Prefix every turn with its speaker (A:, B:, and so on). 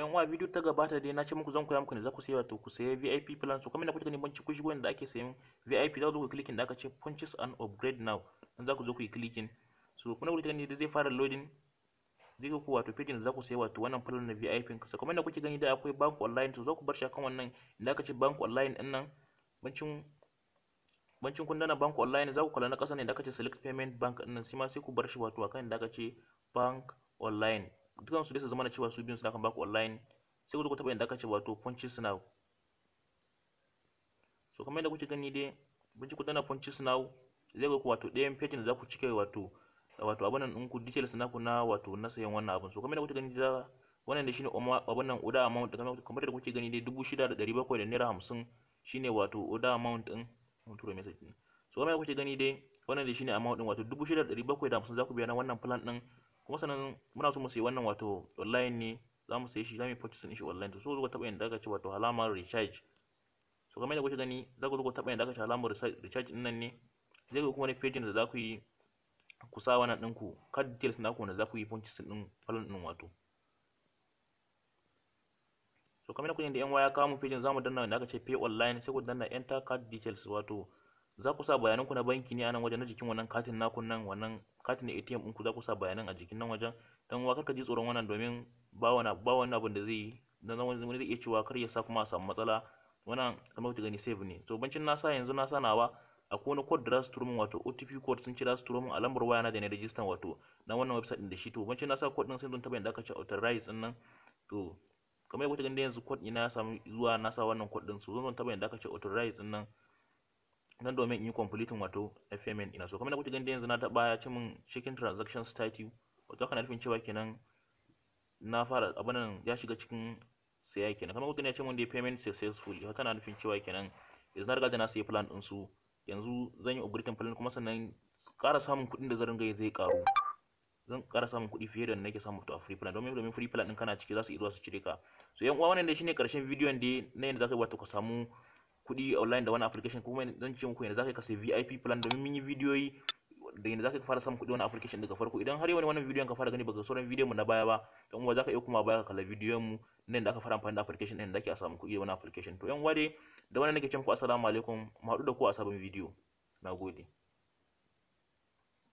A: yan uwa video ta gabata dai na ce muku zan koya muku ne za ku sayi wato ku sayi VIP plan so kamar da kuke gani ban ci ku shigo inda ake sayin VIP za ku zo ku clicking da aka ce punches and upgrade now dan za ku zo ku yi clicking so kuma kuke gani da zai fara loading zai ku wato page da za ku sayi wato wannan plan na VIP so kamar da kuke gani da akwai bank online to za ku bar shi akan wannan inda aka ce bank online din nan bancin bancin kun dana bank online za ku kula na ƙasa ne da aka ce select payment bank din nan sai ma sai ku bar shi wato akan inda aka ce bank online dukan su dai su zama na cewa su biyun suna kan baku online sai ku zo ku taɓa inda aka ce wato punches now so kamar yadda kuke gani dai binci ku dana punches now zai ga ku wato ɗayan page da za ku cike wato wato abin nan ku details ku na wato na sayan wannan abin so kamar yadda kuke gani da wannan da shine abin nan order amount kamar yadda kuke gani dai dubu shida da dari bakwai da naira hamsin shine wato order amount din mun tura message ɗin so kamar yadda kuke gani dai wannan da shine amount din wato dubu shida da dari bakwai da hamsin za ku biya na wannan plan din. kuma sannan muna so mu sayi wannan wato online ne za mu sayi shi za mu yi din shi online to so zo ka taɓa yadda aka ce wato alamar recharge so kamar yadda kuke gani za ku zo ku taɓa yadda aka ce alamar recharge din nan ne zai ku kuma wani page da za ku yi ku sa wannan din ku card details ku wanda za ku yi purchase din plan din wato so kamar yadda kuke da yan waya ka mu page za mu danna wanda aka ce pay online sai ku danna enter card details wato za ku sa bayanan ku na banki ne a nan wajen na jikin wannan katin naku nan wannan katin na ATM ɗinku za ku sa bayanan a jikin nan wajen dan kar ka ji tsoron wannan domin ba wani ba wani abin da zai yi dan wani zai iya cewa kar ya sa kuma a samu matsala wannan kamar ku gani save ne to bancin na sa yanzu na sa nawa akwai wani code da za su turo min wato OTP code sun ce za su turo min a lambar waya na da na register wato na wannan website ɗin da shi to bancin na sa code ɗin sai don taɓa da aka ce authorize ɗin nan to kamar yadda kuka gani yanzu code ina ya samu zuwa na sa wannan code ɗin so zan tabbata da aka ce authorize ɗin nan nan domin in yi completing wato fmn ina so kamar da kuke gani yanzu na taɓa ya ce min cikin transaction status wato haka na nufin cewa kenan na fara abin nan ya shiga cikin saya kenan kamar kuke ne ya ce min dai payment successfully haka na nufin cewa kenan yanzu na riga da na sayi plan din su yanzu zan yi upgrading plan kuma sannan ƙara samun kuɗin da zan ringa zai ƙaru zan ƙara samun kuɗi fiye da nake samu to a free plan domin domin free plan ɗin kana ciki za su iya zuwa su cire ka so yan uwa wannan dai shine ƙarshen bidiyon dai na yanda za ka yi wato ka samu kuɗi online da wani application kuma zan ce muku yanzu za ka sai VIP plan domin mun yi vidiyoyi da yanzu ka fara samun kuɗi wani application daga farko idan har yau wannan bidiyon ka fara gani baka sauran bidiyon mu na baya ba dan uwa zaka iya kuma baya ka kalla bidiyon mu nan yanda aka fara amfani da application din da ake samu kuɗi wani application to yan wade da wannan nake ce muku assalamu alaikum mu haɗu da ku a sabon bidiyo nagode